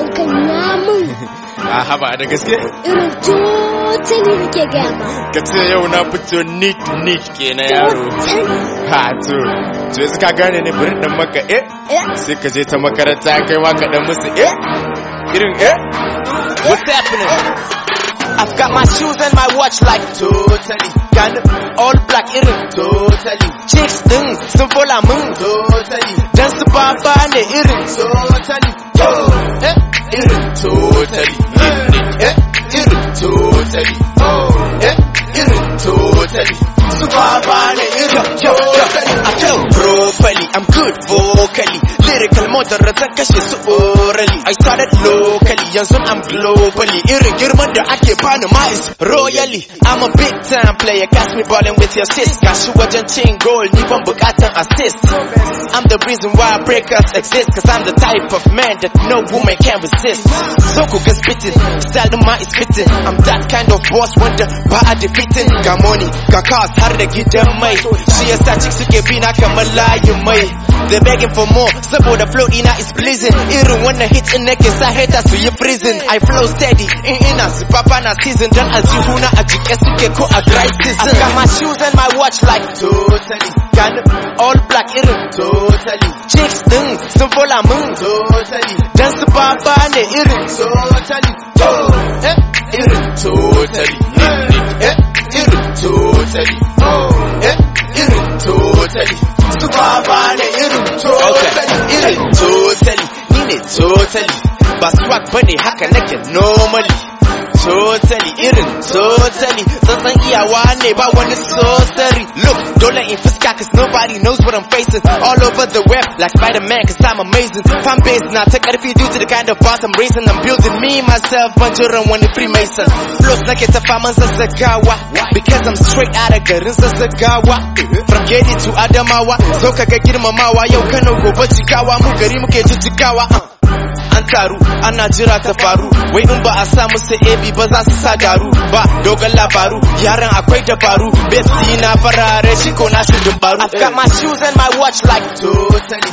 wankan namun a haba da gaske irin tutulin ke gama ka ce yau na fito nit nit ke na yaro ha to to yanzu gane ne bari dan maka eh? eh sai ka je ta makaranta kai ma ka dan musu eh irin eh what's eh? happening eh? I've got my shoes and my watch like totally kind of all black in it totally chicks din sun fola mun totally Dance, su baba and irin totally totally. Oh, yeah, it's totally. Su ba ba ne irin totally. I feel properly, I'm good vocally. Lyrical orally I started locally and soon I'm globally Irregular girman da ake bani royally I'm a big time player catch me ballin with your sis Gashi wajen cin goal ni ban bukatan assist I'm the reason why breakers exist Cause I'm the type of man that no woman can resist So ku ga spitting style ma is fitting I'm that kind of boss wanda ba a defeating Got money got cars made. She gidan a Shi she can be not na kamar you mai they're begging for more. Simple the flow in is pleasing. Iru wanna hit in neck is a hater to your prison. I flow steady. In in papa na season. Don't as you huna a jikesike ko a dry season. I got my shoes and my watch like totally. Can all black iru totally. Chicks ding. Simple la moon totally. Dance papa ne iru totally. Oh, eh, iru totally. Eh, iru totally. Oh, eh, iru totally. Super totally ba swag bane haka nake normally totally irin totally something tsantsan iyawa ne ba so sotari look don't let in fuska cause nobody knows what I'm facing all over the web like Spider-Man cause I'm amazing fan base na ta karfi due to the kind of boss I'm raising I'm building me myself ban jiran wani freemason flows nake ta faman zazzagawa because I'm straight out of garin zazzagawa from Gedi to Adamawa so kaga girmamawa yau Kano gobe jikawa mu gari muke jijjigawa uh karu ana jira ta faru wai in ba a ba za su sa ba dogon labaru yaran akwai dabaru besti na farare shi ko na I've got my shoes and my watch like totally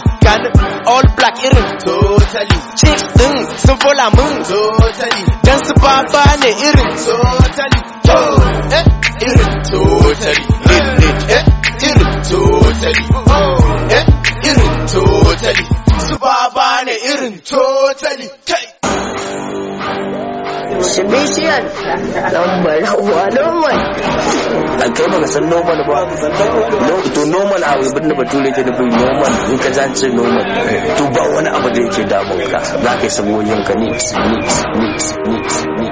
all black irin totally chicks din sun fola mun totally dan su baba ne irin totally to eh irin totally eh irin totally oh eh irin totally shirin totally kai. Wasu bishiyar lambar hawa normal. an kai baka san normal ba. To normal a wai birnin bature ke da bin normal in ka zance normal. To ba wani abu da yake damun ka. Za ka yi saboyin ka mix mix mix mix.